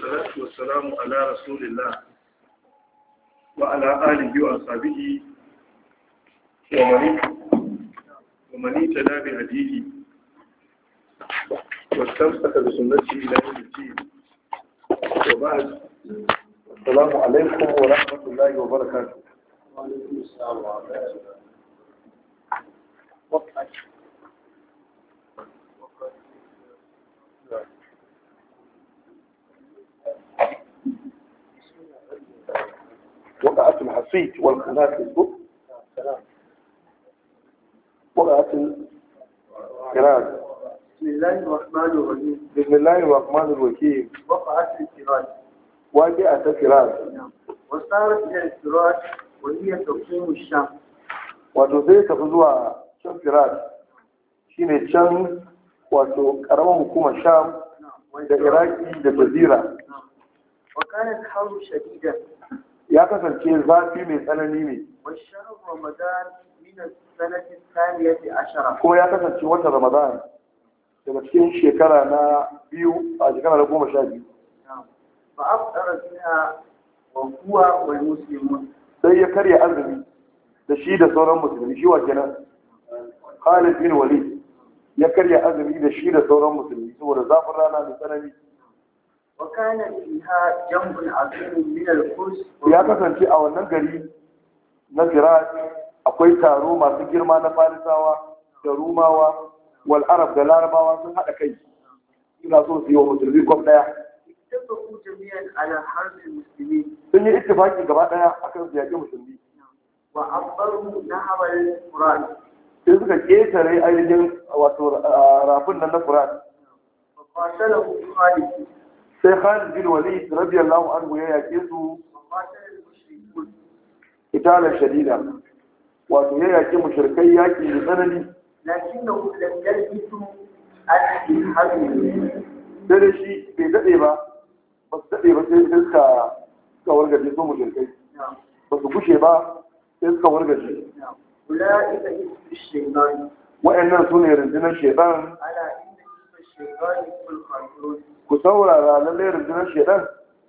salatu wassalamu ala rasulillah wa ala alihi wa sabihi wa mani tana bi hadisi wasamsaka da sunnati ila yanzu ci wa ba assalamu alaikum wa rahmatullahi wa barakatuh wa وقعت الحصيد والقنافذ وقعت الكراد بسم الله الرحمن الرحيم بسم الله وقعت الكراد وجاءت الكراد وصارت الى الكراد وهي تقسيم الشام وتزيد تفضلها شام كراد شين الشام وتقرم حكومة الشام da iraki da jazira wa kanat haru shadidan ya kasance zafi mai tsanani ne ko ya kasance wata ramadan daga cikin shekara na biyu a shekara na goma sha biyu ba a tsara fiya wa kuwa wa musulmi sai ya karya azumi da shi da sauran musulmi shi wa kenan Khalid bin Walid ya karya azumi da shi da sauran musulmi saboda zafin rana mai tsanani ya kasance a wannan gari na firat akwai taro masu girma na farisawa da rumawa wal arab da larabawa sun haɗa kai suna so su yi wa musulmi kwam ɗaya sun yi ittifaki gaba ɗaya akan su yaƙi musulmi wa mu na hawar furat sai suka ƙetare ainihin wato rafin nan na furat sai khalid bin walid radiyallahu anhu ya yake su itala shadida wato ya yake mushrikai yaki da tsanani lakinnahu lam yalbisu shi bai dade ba ba su dade ba sai suka wargaje su mushrikai ba su gushe ba sai suka wargaje ulaika sune rundunar shaytan ku saurara na lallai rundunar shaidan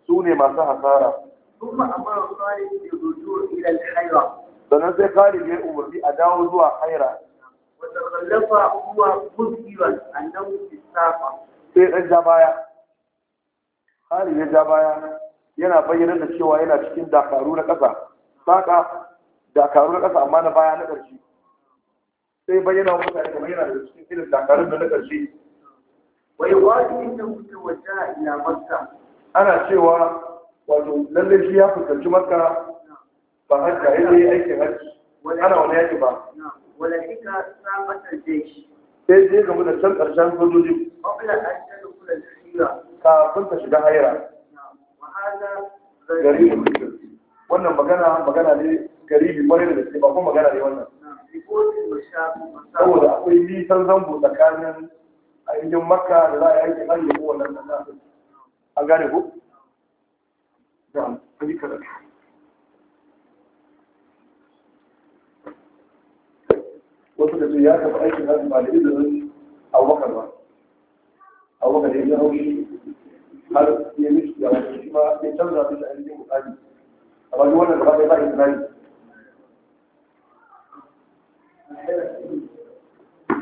su ne masu hasara sannan sai kari ya umarni a dawo zuwa haira wataƙallafa kuma a annan istafa sai ɗan ja baya khalid ya ja baya yana bayyana da cewa yana cikin dakaru na ƙasa saka dakaru na ƙasa amma na baya na ƙarshe sai bayyana mutane kamar yana da cikin irin dakarun da na ƙarshe Wai wani ويغادي انه wata ya مكه Ana cewa wato lalle shi ya fuskanci makka ba haka yayi aikin hajji ana wani yaki ba wala kika sabata shi? sai dai ga mun san karshen sojoji qabla an tadkhul al-hira kafin ta shiga haira wa hada gari wannan magana magana ne garibi kwarai da gaske ba kuma magana ne wannan saboda akwai nisan zambo tsakanin a yankin makka da za a yi yaƙi an ko wannan nan nasu an gane ko da an yi karatu wasu da ya taɓa aikin nasu ba da izinin abubakar ba abubakar ya yi haushi har ya mishi da wani shi ma ya canza mishi a yankin bukari a bayan wannan gaba ɗaya ba a israeli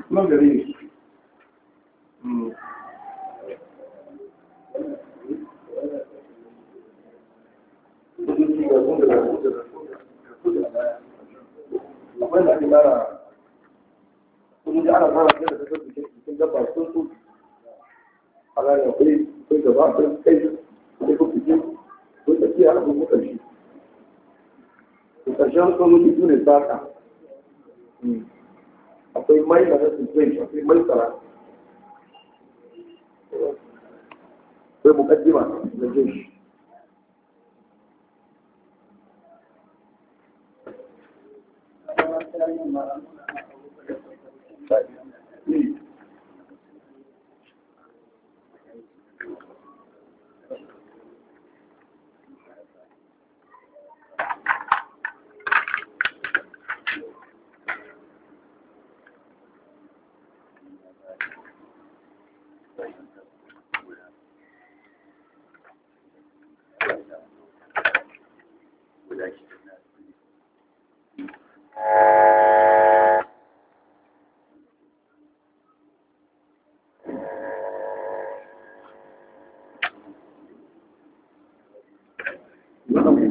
nan gare ne akwai da ake mara kudin da ana mara akwai mai tsara في مقدمة للجيش Thank you.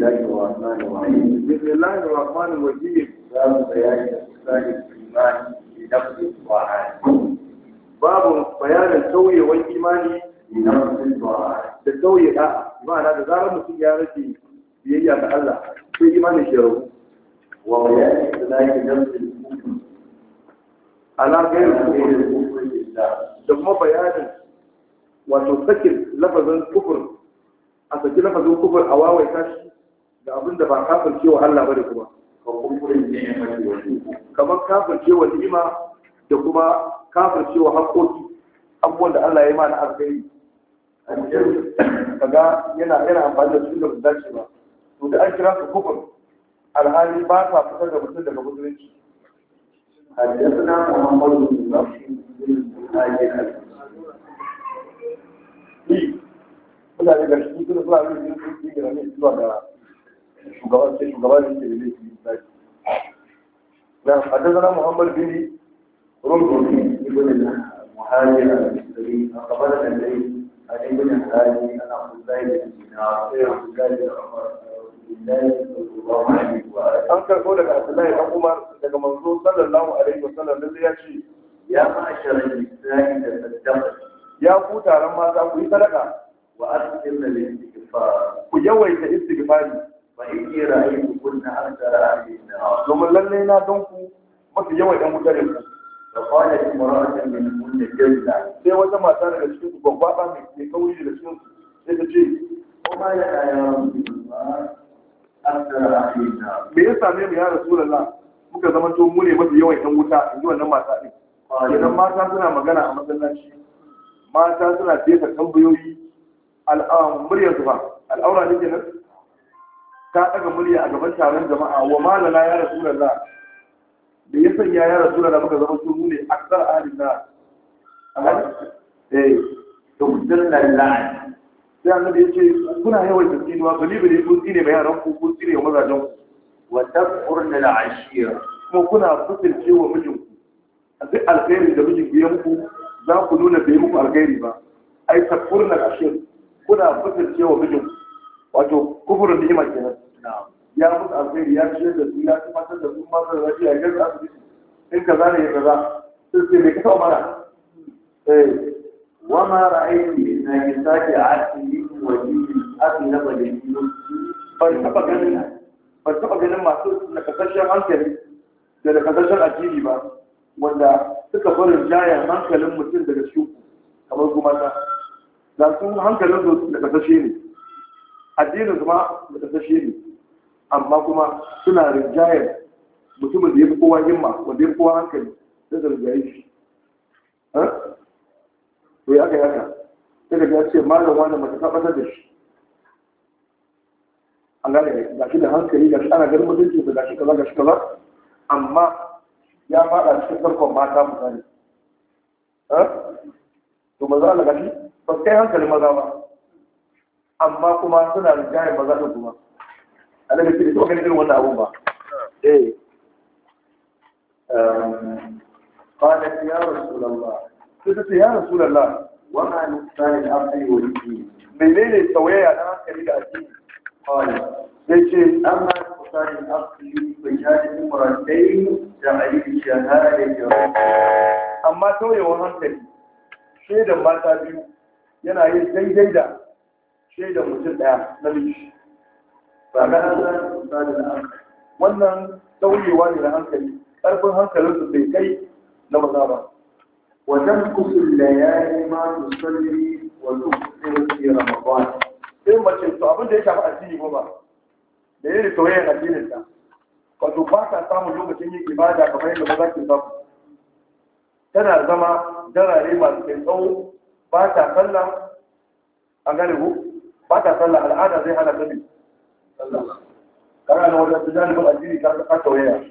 الرحمن الرحيم بسم الله الرحمن الرحيم باب بيان استقلال الايمان بنفس الطاعات باب بيان سوي والايمان بنفس الطاعات السوي ده بمعنى ده زار mutum ya rage biyayya ga Allah sai imanin shi ya rabu وبيان اختلاف لفظ الكفر على غير سبيل الكفر لله da kuma bayanin wato sakin lafazin kufur a saki lafazin kufur a wawaita shi da abin da ba kafin cewa Allah bane kuma kamar kafin cewa ni'ima da kuma kafin cewa da Allah ya yi mana kaga yana yana amfani da su da ba dace ba to da an kira ka kufur alhali ba ta fitar da mutum daga musulunci حدثنا محمد بن بشر mutane ga shi suna zuwa ne yin sun yi rame zuwa ga shugaban sai shugaban ne ke da laifi misali na haddazana muhammad bin rumbu ibn muhajir al-misri a kabar da dai a ibn hadi ana kullai da dinar sai kullai da umar kullai na gan ku mafi yawan ɗan mutane ku da kwana yi mara mura'atan min kulli jalla sai wata mata daga cikin ku gwagwaba mai ke kauri daga cikin ku sai ta ce ko ma ya ya me ya same mu ya rasulullah muka zama to mu ne mafi yawan ɗan wuta in ji wannan mata ɗin idan mata suna magana a masallaci mata suna fesa tambayoyi muryar su ba al'aura ne kenan ta ɗaga murya a gaban taron jama'a wa malala ya rasu rasulullah da ya sanya ya rasu da muka zama su ne aksar ahalin na eh da kudin lallai sai annabi ya ce kuna yawan jikinuwa ba bali kun tsine mai yaran ku kun tsine maza don ku wa taqurna la ashira kuma kuna fusulce wa mijinku a duk alkhairi da mijinku ya muku za ku nuna bai muku alkhairi ba ai taqurna la ashira kuna fusulce wa mijinku wato kufurin ni'ima kenan na'am ya mutu alkhairi ya ciyar da su ya matar da su masu da lafiya ya za su in ka zane ya kaza sun ce mai kawo mana eh, wama ra'ayi na ya sake asiri wajen a na bajin ban taba ganin ban taba ganin masu kasashen hankali da kasashen addini ba wanda suka fara jaya hankalin mutum daga shuku kamar kuma ta da su hankalin su kasashe ne addinin kuma da kasashe ne amma kuma suna rinjayar mutumin da ya fi kowa himma wanda ya fi kowa hankali sai da rinjaye shi to ya kai haka sai da ya ce malam wani mace ta da shi an gane ga shi da hankali ga shi ana ganin mutunci da ga shi kaza ga shi kaza amma ya faɗa cikin tarkon mata ha? to maza Allah ga shi ba kai hankali maza ba amma kuma suna rinjayar maza da kuma annabi sai ya ganin wannan abun ba eh um qala ya sai sai ya rasulullah wa ma nusani abdi wa ibni menene tsawaya da aka riga a cikin qala sai ce amma nusani abdi wa ibni ya ji muradai da aiki ya tara da ke amma tsawaya hankali shaidan mata biyu yana yin daidai da shaidan mutum ɗaya na miji ba ga nan ba da hankali wannan daurewa ne na hankali ƙarfin hankalin su sai kai na maza ba wajen kusur da ya yi ma su sallari wa tukurin fi ramadan sai mace to abin da ya shafi addini ko ba da yin soyayyar addinin ta wato ba ta samun lokacin yin ibada kamar yadda maza ke samu tana zama darare masu kai tsawo ba ta sallah a gane ba ta sallah al'ada zai hana ta kana na wajen da zalibin addini ka ka tawaya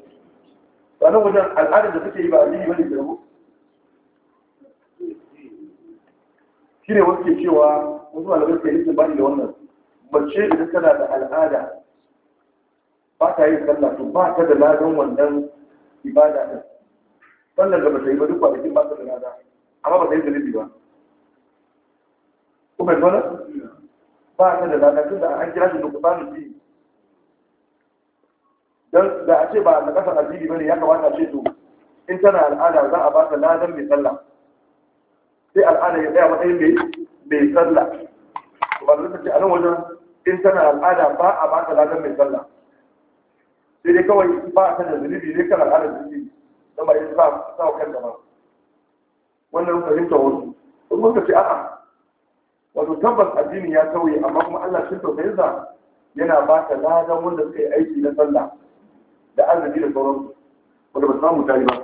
sanan wajen al'ada da suke yi ba addini bane da mu shine wasu ke cewa wasu malamai ke yi bani da wannan mace idan tana da al'ada ba ta yin sallah to ba ta da ladan wannan ibada din sallar da bata yi ba duk kwanakin ba ta da lada amma ba ta yi zunubi ba kuma yi ba ta da lada tun da an kira shi da kusa da don da a ce ba na kasar addini bane ya kamata ce to in tana al'ada za a ba ta ladan mai sallah sai al'ada ya tsaya matsayin mai mai sallah ba zai ce a nan wajen in tana al'ada ba a ba ta ladan mai sallah sai dai kawai ba a tana zunubi ne kan al'adar zunubi don ba yin sa sa kan da ba wannan fahimta wasu kuma ka ce a'a wato tabbas addini ya kauye amma kuma Allah shi tausayinsa yana ba ta ladan wanda suka yi aiki na sallah da arziki da sauransu wanda ba su samu tari ba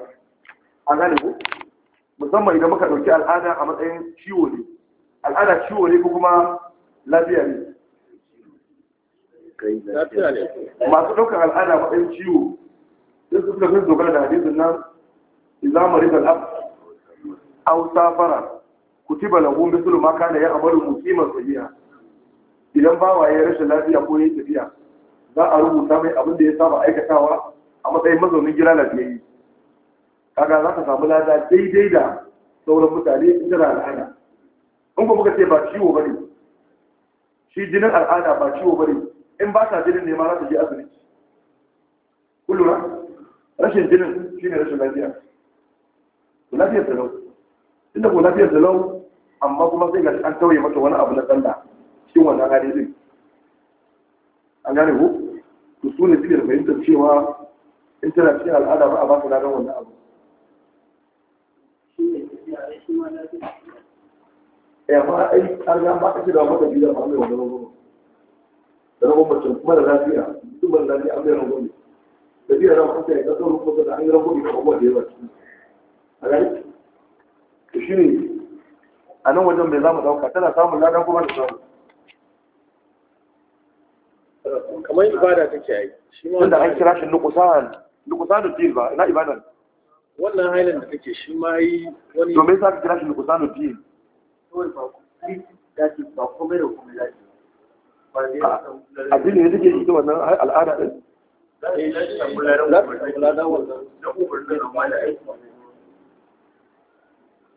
A gane ku musamman idan muka ɗauki al'ada a matsayin ciwo ne al'ada ciwo ne ko kuma lafiya ne masu ɗaukar al'ada a matsayin ciwo sai su suka fi dogara da hadisin nan izamu rizal ab aw safara kutiba lahu mithlu ma kana ya'malu muqiman tafiya idan ya rashin lafiya ko yi tafiya za a rubuta mai abin da ya saba aikatawa a matsayin mazaunin gida lafiyayye kaga za ka samu lada daidai da sauran mutane in jira al'ada in ku muka ce ba ciwo bane shi jinin al'ada ba ciwo bane in ba ta jinin ne ma za ta je asibiti kullum rashin jinin shine rashin lafiya ku lafiyar talau inda ku lafiyar lau, amma kuma sai ga an tauye mata wani abu na tsalla, cikin wannan hali din an gane ku to su ne suke fahimtar cewa in tana cikin al'ada ba a ba ta ladan wannan abu ya ma eh, ai an ga ba ake da mata biyu da ba mai wannan gobe da rabu mace kuma da lafiya duk ban lafiya an bai rabu ne da biya ran kuma ya kasar rubuta da an yi rabu ne da abubuwa da yawa ciki a gani to shi ne a nan wajen bai za mu dauka tana samun ladan kuma da samu kamar ibada take yi shi ma wanda an kira shi nuqsan nuqsanu din ba ina ibada wannan hailan da kake shi ma yi wani to me yasa ka kira shi nuqsanu din ba komai da komai lafi ah, addini ne take yi da wannan al'ada din eh,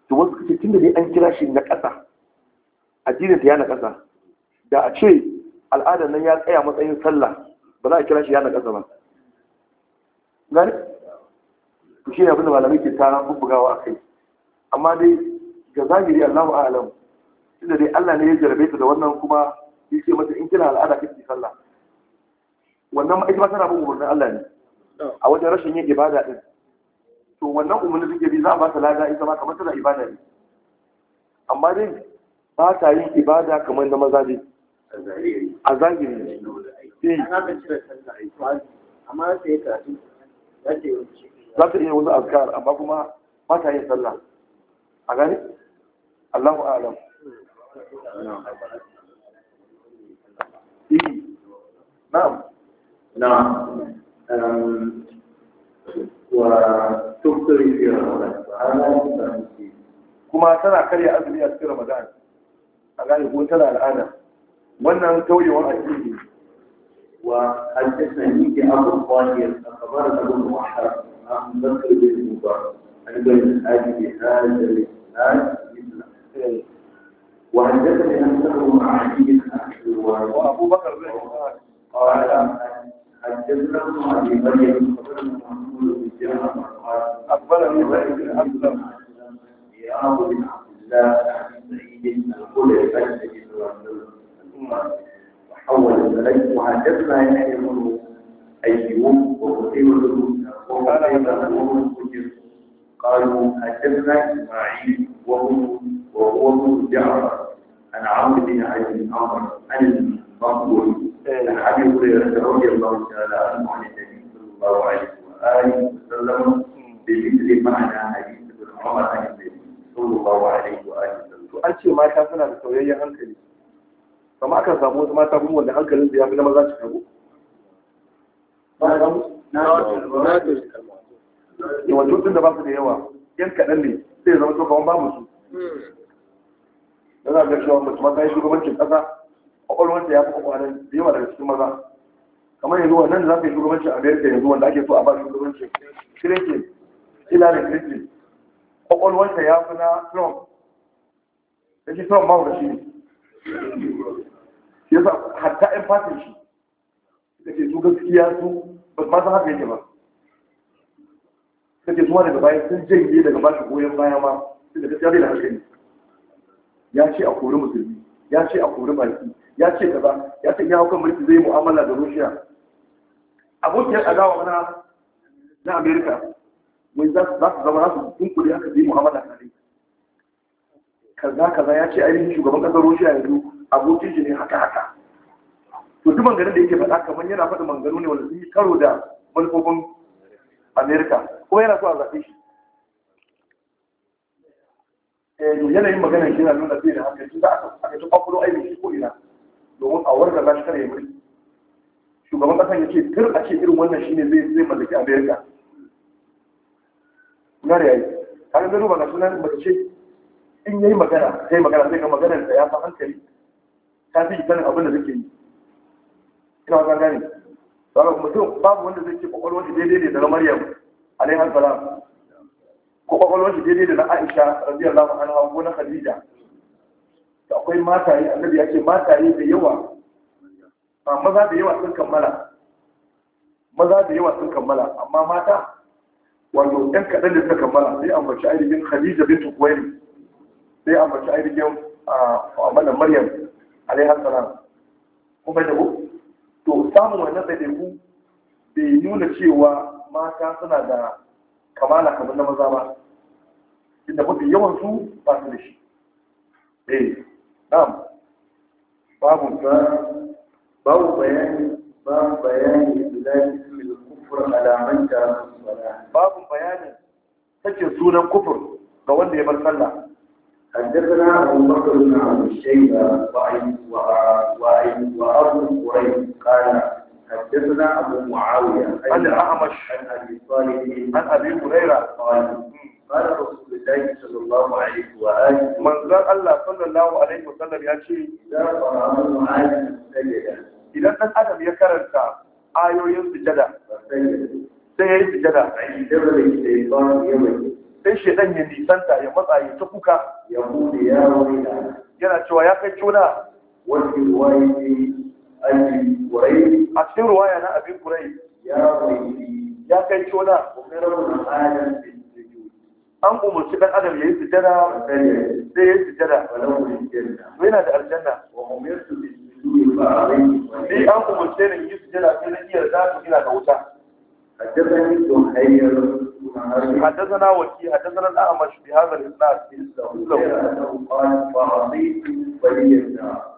to wasu kace tun da dai an kira shi na ƙasa addinin ta ya na ƙasa da a ce al'adar nan ya tsaya matsayin sallah ba za a kira shi ya naƙasa ba gani ku shi ne abinda malami malamai ke tara bubbugawa a kai amma dai ga zahiri allahu alam tunda dai allah ne ya jarabe ta da wannan kuma ya ce mata in kina al'ada kake sallah wannan ma ita ma tana bin umarnin allah ne a wajen rashin yin ibada din to wannan umarni suke bi za a ba ta lada ita ma kamar tana ibada ne amma dai ba ta yin ibada kamar na maza ne a zahiri za ta iya wasu azkar amma kuma ba ta yin sallah a gani allahu alam eh. na'am na'am um, wa tuktori fi ramadan kuma tana karya azumi a cikin ramadan a gani ko tana al'ada wannan kauyewar addini wa haddathani bi abu qahir akhbarana abu muhammad an bakr bin mubarak an bin abi hajr al وحدثني أن تقوم عدي وأبو بكر بن قال حدثنا ابن أبي مريم أخبرنا محمود بن جعفر قال أخبرني بن أبي حدثنا إسماعيل وهو وهو ابن جعفر عن عمرو بن عبد الأمر عن المنصور عن أبي هريرة رضي الله تعالى عنه عن النبي صلى الله عليه وآله وسلم بمثل معنى حديث ابن عمر عن النبي صلى الله عليه وآله وسلم. أنت ما كان سنة بسوية أنكلي. kama aka samu wasu mata kuma wanda hankalin da ya fi na maza su karu na wato da ba su da yawa yan kaɗan ne sai zama to kawan babu su da za a ga cewa mace ta yi shugabancin ƙasa ƙwaƙwalwanta ya fi ƙwaƙwalwar da yawa daga cikin maza kamar yanzu wannan za ka yi shugabancin amerika yanzu wanda ake so a ba shugabancin kirkin hillary clinton ƙwaƙwalwanta ya fi na trump da shi trump babu wa shi ne yasa hatta 'yan fatin shi da ke su gaskiya su ba su ma san haka yake ba take zuwa daga baya sun janye daga bashi goyon baya ma sai da gaskiya bai da hankali ya ce a kori musulmi ya ce a kori baki ya ce kaza ya ce ya hukan mulki zai mu'amala da Russia abokiyar adawa na na America mai za su zama su dinkuri haka zai mu'amala tare kaza kaza ya ce ainihin shugaban kasar Russia yanzu abokin shi ne haka haka to duk manganin da yake faɗa kamar yana faɗa manganu ne wanda sun yi karo da manufofin amerika kuma yana so a zaɓe shi eh, yanayin magana shi na nuna zai da hankali za a aka tun kwakwalo aibin shi ko ina domin a warga za shi kare mulki shugaban ƙasar ya ce kar a ce irin wannan shine zai zai mallaki amerika na yayi kaga zai ruba ga sunan mace in yayi magana sai magana sai ga maganar da ya fa hankali ta fi sanin abin da zai yi ina ga gane ba mutum babu wanda zai ce kwakwalwar shi daidai ne da maryam alaihi salam ko kwakwalwar shi daidai da na aisha radiyallahu anha ko na khadija to akwai mataye annabi ya ce mataye da yawa a maza da yawa sun kammala maza da yawa sun kammala amma mata wato ɗan kaɗan da suka kammala sai ambaci ainihin khadija bintu kuwaini sai ambaci ainihin a ah, maryam alaihi salam kuma da ku to samun wannan ɗaiɗaiku bai nuna cewa mata suna da kamala kamar na maza ba inda mafi yawan su ba su da shi eh na babu ba babu bayani babu bayani bilahi mil kufur alaman ta babu bayanin sakin sunan kufur ga wanda ya bar sallah حدثنا أبو بكر بن عبد الشيبة حدثنا أبو معاوية عن الأعمش عن أبي صالح عن أبي هريرة قال قال رسول الله صلى الله عليه وآله من قال الله صلى الله عليه وسلم يا شيء إذا قرأ معاذ سجدا إذا أن أدم يكرر آيوين سجدا sai ya yi sujada sai shaidan ya nisanta ya matsa ya ta kuka yana cewa ya kai cuna wani ruwaye a cikin ruwaya na abin kurai ya kai cona an umarci ɗan adam ya yi sujada sai ya yi sujada ba yana da aljanna ne an umarci ne yi sujada sai na iya za su gina da wuta حدثني عن هيرو حدثنا وكيع حدثنا الاعمش بهذا الاسناد في الزهور وعظيم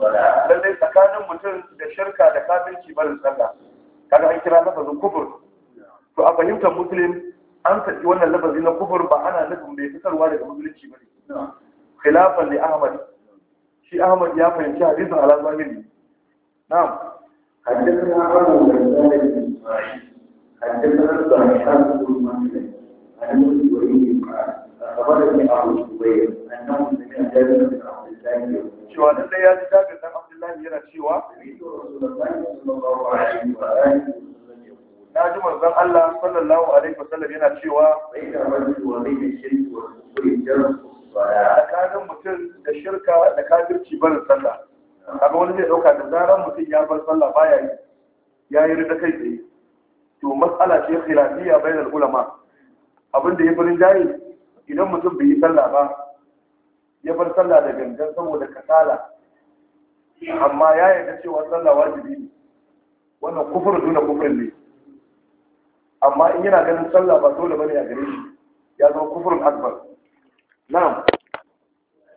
lallai tsakanin mutum da shirka da kafinci barin tsaka kaga an kira lafazin kufur to a fahimtar musulun an tafi wannan lafazi na kufur ba ana nufin mai fitarwa daga musulunci ba ne khilafan li ahmad shi ahmad ya fahimci hadisin ala zahiri na'am حدثنا أبو بن إسماعيل حدثنا سعيد بن مسلم عن مسلم قال أخبرني أبو جبير أنه سمع جابر بن cewa da ya ji jabir dan abdullahi yana cewa na ji manzon Allah sallallahu alaihi wasallam yana cewa tsakanin mutum da shirka da kafirci barin sallah kaga wani zai dauka da zaran mutum ya bar sallah baya yi ya yi rida kai tsaye to matsala ce khilafiyya bainal ulama abin da ya farin jayi idan mutum bai yi sallah ba ya bar sallah da gangan saboda kasala amma ya yi da cewa sallah wajibi ne wannan kufur duna kufur ne amma in yana ganin sallah ba dole bane a gare shi ya zama kufurin akbar na'am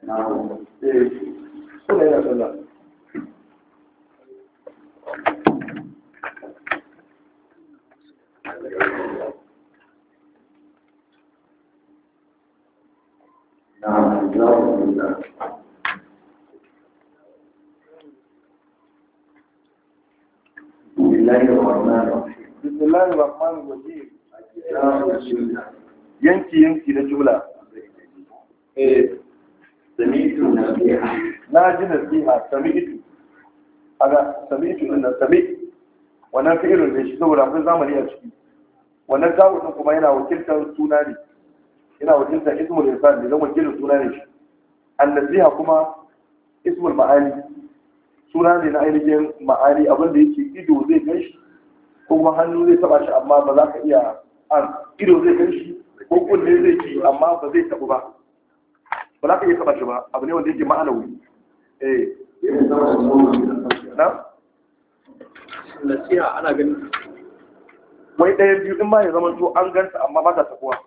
na'am eh kuma yana sallah -huh. بسم yanki yanki na jula. Eh, na ji nasiha sami'itu aga sami'itu din na sami wannan fi'ilun da shi saboda akwai zamani a ciki wannan zawo kuma yana wakiltar suna ne yana wajinta ismul insan don zan wakilin suna ne shi annasiha kuma ismul ma'ani suna ne na ainihin ma'ani abin da yake ido zai gan shi ko kuma hannu zai taba shi amma ba za ka iya an ido zai gan shi ko kunne zai ci amma ba zai tabu ba ba za ka iya taba shi ba abu ne wanda yake ma'anawi eh na nasiha ana ganin wai ɗaya biyu in ma ya zama to an ganta amma ba ta tabuwa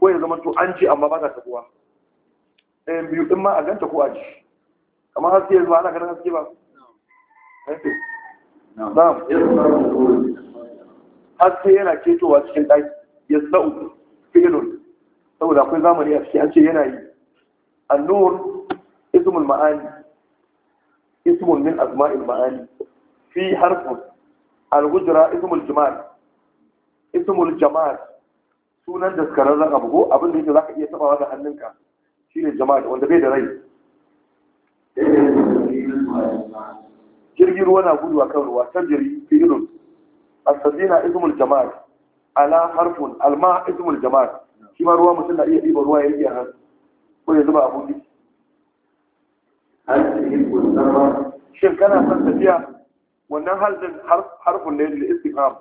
ko ya zama to an ce amma ba ta tabuwa ɗayan biyu ɗin ma a ganta ko a ji kamar haske yanzu ana ganin haske ba haske yana ketowa cikin ɗaki ya sa'u filon saboda akwai zamani a ciki an ce yana yi annur ismul ma'ani ismul min asma'il ma'ani fi harfun al-hujra ismul jamal ismul jamal sunan daskararren abu ko abin da yake za ka iya tabawa da hannunka shi ne jama'a wanda bai da rai jirgin ruwa na gudu a kan ruwa tajiri filin asasina izmul jama'a ala harfun alma izmul jama'a shi ma ruwa mutum na iya ɗiba ruwa ya iya hannu ko ya zuba abu shin kana son tafiya wannan halin harfun ne da istifam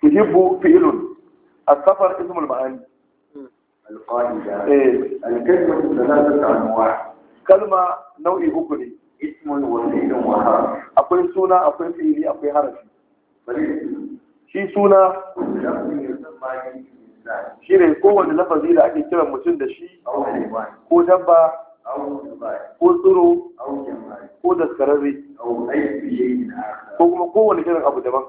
tuhibbu fi'ilun السفر اسم المعاني القاعدة الكلمة ثلاثة أنواع كلمة نوع أكري اسم وفيل وحرف أقول سونا أقول فيلي أقول حرف shi suna shi ne kowane lafazi da ake kiran mutum da shi ko dabba ko tsiro ko daskararre ko kuma kowane kiran abu daban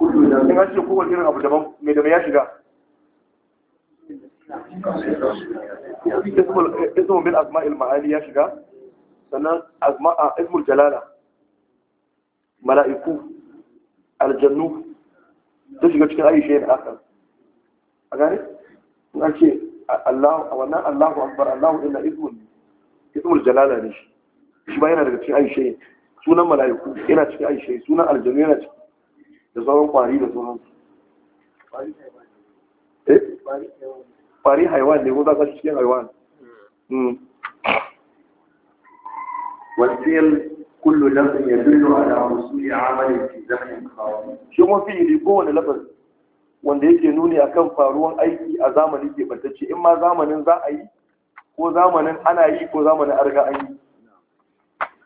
kullu da in an irin abu daban mai da mai ya shiga ismul bil asma'il ma'ali ya shiga sannan asma'a ismul jalala mala'iku aljannu ta shiga cikin ayi shayin akan a gane in an ce a wannan Allahu akbar Allahu inna ismul ismul jalala ne shi shi ba yana daga cikin ayi shayin sunan mala'iku yana cikin ayi shayin sunan aljannu yana cikin da sauran kwari da sauran su eh? kwari haiwan ne ko za ka shi cikin haiwan والفعل كل لفظ يدل a وصول عمل في زمن قاضي شو mafi yi لي kowane lafin wanda yake nuni akan faruwan aiki a zamani ke bantacce in ma zamanin za a yi ko zamanin ana yi ko zamanin a riga an yi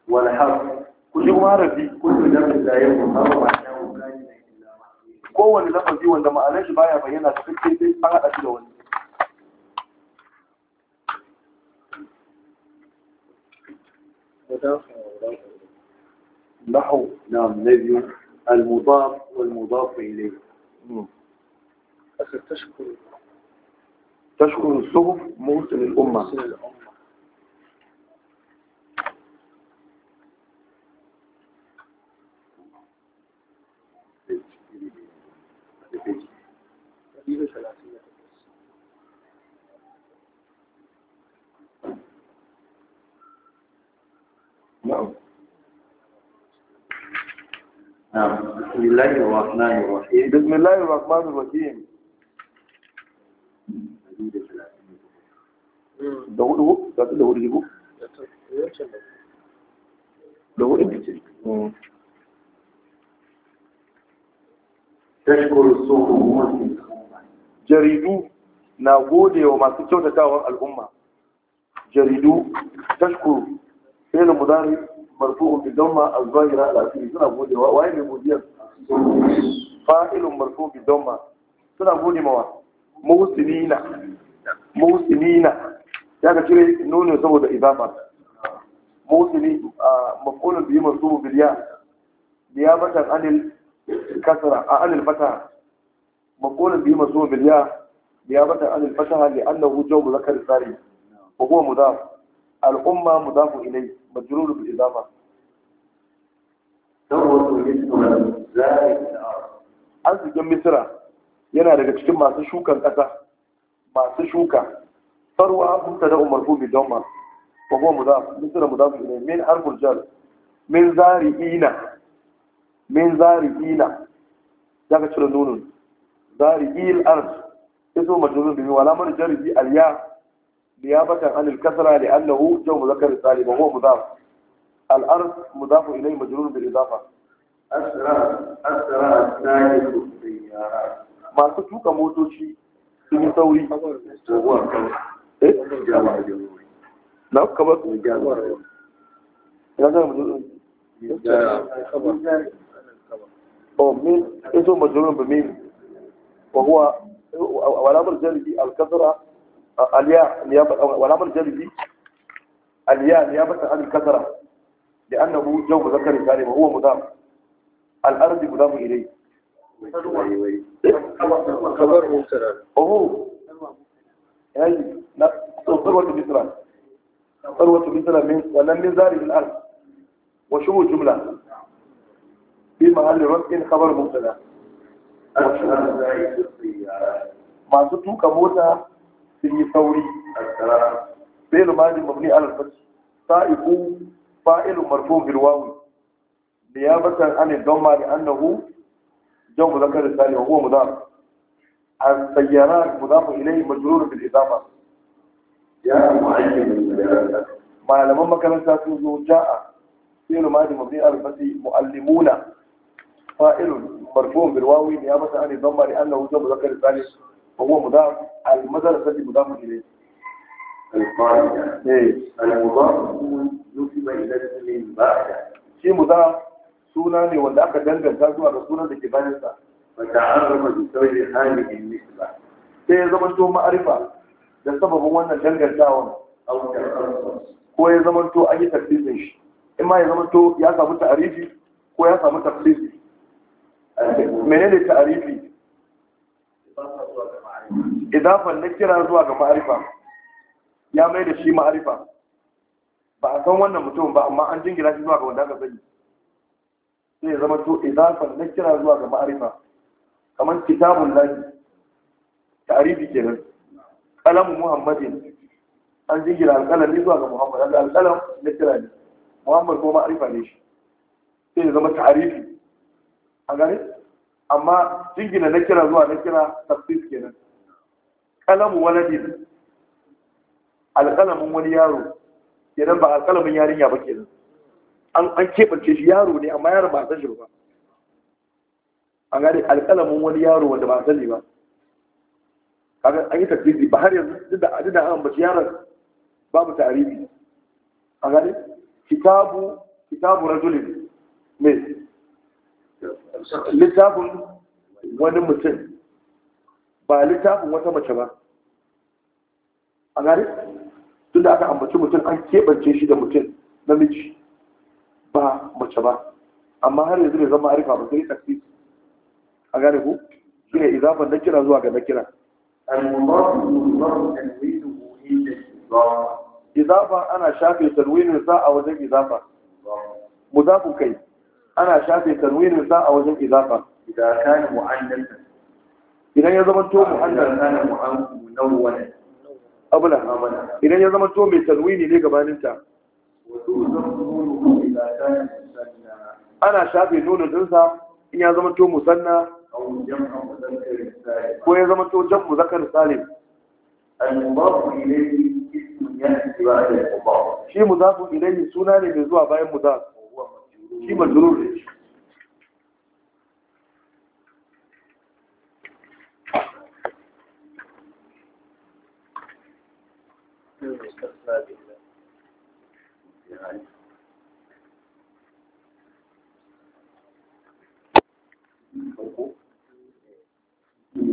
wani har kullu harafi kullu lafin da yake faruwa a cikin kowane lafazi wanda ma'anar shi baya bayyana ta cikakke sai an hada shi da wani نحو نعم نبي المضاف والمضاف إليه أخي تشكر تشكر الصحف مرسل الأمة بسم الله الرحمن الرحيم jaridu na godewa masu kyautatawan al'umma jaridu tashkuru sai da mudari marfu'un bi suna waye ne fa'ilun marfu bi dhamma suna gudi mawa muhsinina muhsinina ya ga cire nono saboda idafa muhsini maf'ulun biyu marfu biliya biya matan anil kasara a anil fata maf'ulun bihi marfu biliya biya matan anil fata li'annahu mu zakar tsari wa mu za al'umma mudafu ilayhi majrur yin idafa an zigin misira yana daga cikin masu shukan ƙasa masu shuka farwa abunta da umar fulmi don ma kogo mu za su misira mu za su ne min arbuljal min zari ina min zari ina za ka cire nunun. zari il arz iso majalun domin wala mana jarabi aliya da ya bata an alkasara da annahu jau mu zakar tsari ba kogo mu za su al'arz mu za su ilai majalun da izafa masu tuka motoci sun yi sauri eh? na kamar ya zama mutum o min oh, iso ba min wa huwa walamar jalibi alkasara aliya walamar jalibi aliya alkasara da annahu jawu zakari kare wa huwa الأرض غلام إليه خبر مبتدا وهو هاي ثروة مثلا ثروة مثلا من ولم من ذلك الأرض وشو الجملة في محل رفع خبر مبتدا ما زدتوك موتا في ثوري فعل ماضي مبني على الفتح طائف فاعل مرفوع بالواو نيابة عن الدوما لأنه جو مذكر الثاني وهو مضاف السيارات مضاف إليه مجرور بالإضافة يا معلم السيارات ما لما كان ساتوز جاء فعل ماضي مضيء الفتي مؤلمون فائل مرفوع بالواو نيابة عن الدوما لأنه جو مذكر الثاني وهو مضاف المدرسة مضاف إليه إيه. المضاف نسب إلى الاسم بعد شيء مضاف suna ne wanda aka danganta zuwa ga sunan da ke bayan sa wanda an rama da sauyi halin nisba sai ya zama to ma'arifa da sababin wannan dangantawan ko ya zama to an yi tafsirin shi in ma ya zama to ya samu ta'arifi ko ya samu tafsiri menene ta'arifi idafan na kira zuwa ga ma'arifa ya mai da shi ma'arifa ba a san wannan mutum ba amma an jingina shi zuwa ga wanda aka sani sai ya zama to idafar na kira zuwa ga ma'arifa kamar kitabun lahi ta'arifi kenan kalam muhammadin an jingina ne zuwa ga muhammad an alkalam na kira ne muhammad ko ma'arifa ne shi sai ya zama tarihi a gari amma jingina na kira zuwa na kira tafsir kenan kalamu waladin alkalamin wani yaro kenan ba alkalamin yarinya ba kenan an keɓance shi yaro ne amma yaro ba a san shi ba an gari alƙalamin wani yaro wanda ba a sani ba kaga an yi tafiye ba har yanzu duk da an bace yaron babu tarihi an gari kitabu kitabu rajulin ne littafin wani mutum ba littafin wata mace ba a gari tun da aka ambaci mutum an keɓance shi da mutum namiji ba mace ba amma har yanzu ne zama arifa ba sai taksi a gane ku shi ne izafan na kira zuwa ga na kira izafa ana shafe tanwinin sa a wajen izafa Mu za ku kai ana shafe tanwinin sa a wajen izafa idan kana mu'annas idan ya zama to mu'annas kana wani. abula idan ya zama to mai tanwini ne gabaninta wato zan ana shafe nono dinsa in ya zama to musanna ko ya zama to jan muzakar salim shi muzafu ilayhi suna ne mai zuwa bayan muzafu shi majurur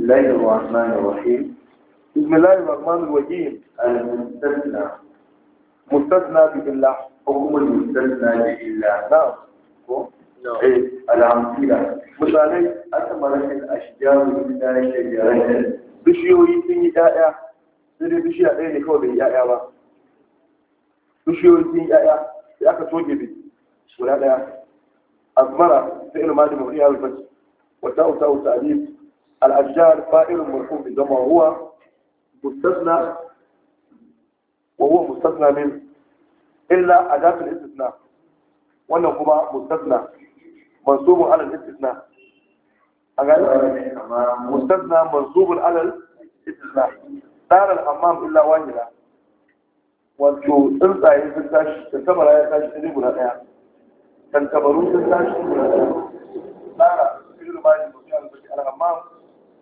الله الرحمن الرحيم بسم الله الرحمن الرحيم المستثنى مستثنى بالله حكم المستثنى لله نعم الأمثلة مثلا أثمرة الأشجار من الشجرة بشيوي سيني دائع سيري بشي عليني كوبي يا إيوا بشيوي سيني دائع يا أخي توجبي ولا لا أثمرة فإنه ما دمه ريال بس وتاو تاو تعليم الأشجار فائل مرحوم بالجمع هو مستثنى وهو مستثنى من إلا أداة الاستثناء وأنه هو مستثنى منصوب على الاستثناء مستثنى منصوب على الاستثناء دار الحمام إلا واحدة wato tsuntsaye sun tashi tantabara ya tashi ɗari guda ɗaya tantabaru sun tashi guda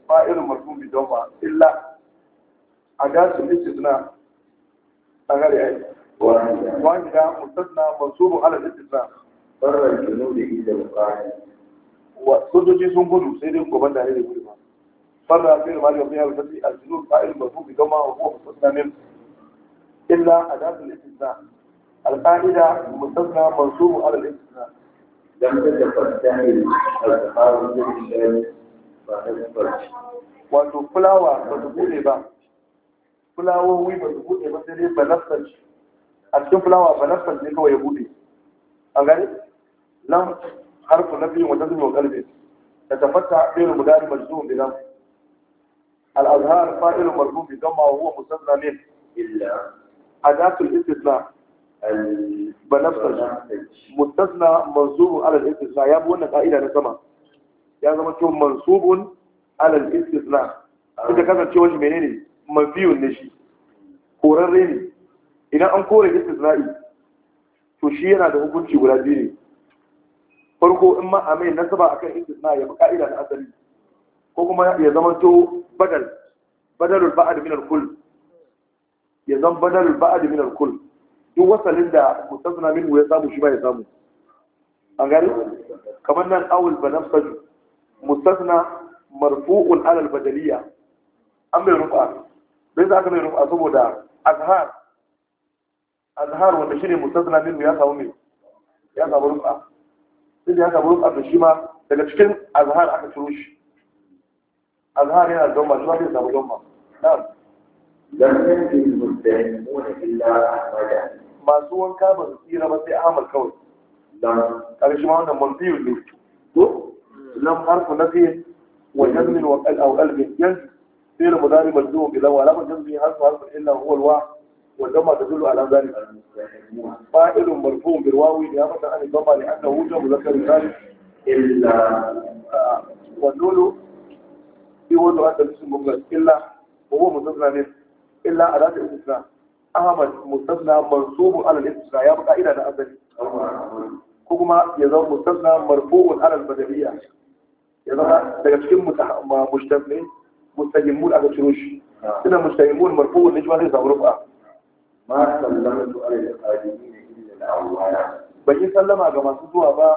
fa'ilun marfun bi don ba illa a gasu istisna a gare ai wani da mustanna mansubu ala istisna barar junubi inda bukai wa sojoji sun gudu sai dai goban da ne gudu ba farra fi da maliyar biyar fasi a junub fa'ilun marfun bi don ma wa kuma mustanna ne illa a gasu istisna القاعدة مستثنى منصوب على الاستثناء لم تتفتح التقارب بالإنسان wato fulawa ba su bude ba fulawowi ba su bude ba sai dai balastar a cikin fulawa balastar ne kawai ya bude an gani nan har ku nafi wata zuwa kalbi da tafatta irin gudanar majalisun bi nan al'azhar fa'ilun marzu bi gama huwa musamman ne a datul istisna balastar mutasna marzu ala istisna ya bi wannan ka'ida na sama ya zama cewa mansubun alal istisna inda kasancewa wani menene mafiyun ne shi korarre ne idan an kore istisna'i to shi yana da hukunci guda biyu ne farko in ma a mai nasaba a kan istisna ya fi ka'ida na asali ko kuma ya zama to badal badalul ba'ad min al-kull ya zama badalul ba'ad min al-kull duk wasalin da mutasna min ya samu shi ba ya samu an gani kamar nan awul ba mustasna marfu'un alal badaliya an mai rufa bai za ka mai rufa saboda azhar azhar wanda shine mustasna min ya samu mai ya samu rufa sai da ya samu rufa da shi ma daga cikin azhar aka ciro shi azhar yana zama shi ma zai samu zama na'am lam yakun mustahimmun illa ahmada masu wanka ba su tsira ba sai ahmad kawai dan karshe ma wannan manziyu ne ko لم حرف نفي وجزم أو ألف جزم فعل مضارع مجزوم بلا وعلامة جزمه حرف حرف إلا هو الواحد والجمع تدل على ذلك فاعل مرفوع بالواو نيابة عن الجمع لأنه وجه مذكر ذلك إلا ودول في وضع هذا الاسم مفرد إلا وهو مستثنى منه إلا أداة الاستثناء أحمد مستثنى منصوب على الاستثناء يبقى إلى أبدا كما يزال مستثنى مرفوع على البدلية daga cikin mustahimin mustahimun aka ciro shi ina mustahimun marfu ne shi ma zai samu rufa ma sallamatu alal qadimin illa awwala ban yi sallama ga masu zuwa ba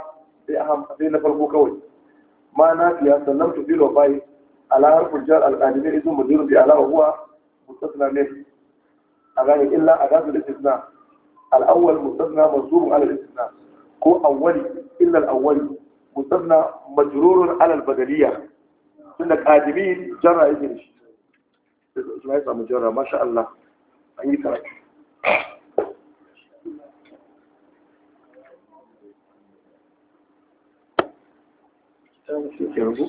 sai a sai na farko kawai ma na fiya sallamtu bil wafa'i ala harfin jar al-qadimin idan mudirun bi ala huwa mustasna ne a gane illa a gasu istisna al-awwal mustasna mansubun ala istisna ko awwali illa al مستثنى مجرور على البدلية انك آدمين جرى إذن ما مجرى ما شاء الله أي Thank you.